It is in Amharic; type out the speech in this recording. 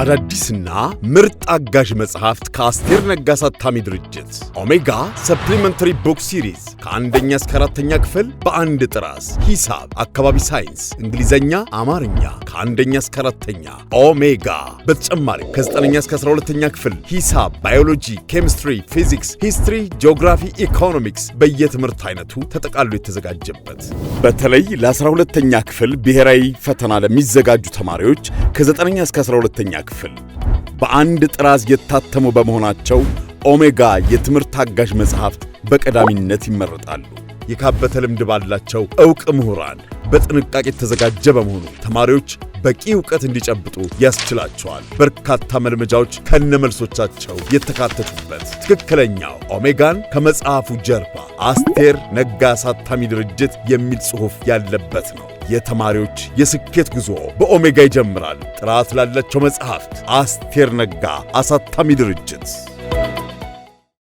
አዳዲስና ምርጥ አጋዥ መጽሐፍት ከአስቴር ነጋ አሳታሚ ድርጅት። ኦሜጋ ሰፕሊመንተሪ ቡክ ሲሪዝ ከአንደኛ እስከ አራተኛ ክፍል በአንድ ጥራስ፣ ሂሳብ፣ አካባቢ ሳይንስ፣ እንግሊዘኛ፣ አማርኛ ከአንደኛ እስከ አራተኛ ኦሜጋ። በተጨማሪ ከዘጠነኛ እስከ አስራ ሁለተኛ ክፍል ሂሳብ፣ ባዮሎጂ፣ ኬሚስትሪ፣ ፊዚክስ፣ ሂስትሪ፣ ጂኦግራፊ፣ ኢኮኖሚክስ በየትምህርት አይነቱ ተጠቃሎ የተዘጋጀበት በተለይ ለአስራ ሁለተኛ ክፍል ብሔራዊ ፈተና ለሚዘጋጁ ተማሪዎች ከዘጠነኛ እስከ አስራ ሁለተኛ ክፍል በአንድ ጥራዝ የታተሙ በመሆናቸው ኦሜጋ የትምህርት አጋዥ መጽሐፍት በቀዳሚነት ይመረጣሉ። የካበተ ልምድ ባላቸው ዕውቅ ምሁራን በጥንቃቄ የተዘጋጀ በመሆኑ ተማሪዎች በቂ እውቀት እንዲጨብጡ ያስችላቸዋል። በርካታ መልመጃዎች ከነመልሶቻቸው የተካተቱበት ትክክለኛው ኦሜጋን ከመጽሐፉ ጀርባ አስቴር ነጋ አሳታሚ ድርጅት የሚል ጽሑፍ ያለበት ነው። የተማሪዎች የስኬት ጉዞ በኦሜጋ ይጀምራል። ጥራት ላላቸው መጽሐፍት አስቴር ነጋ አሳታሚ ድርጅት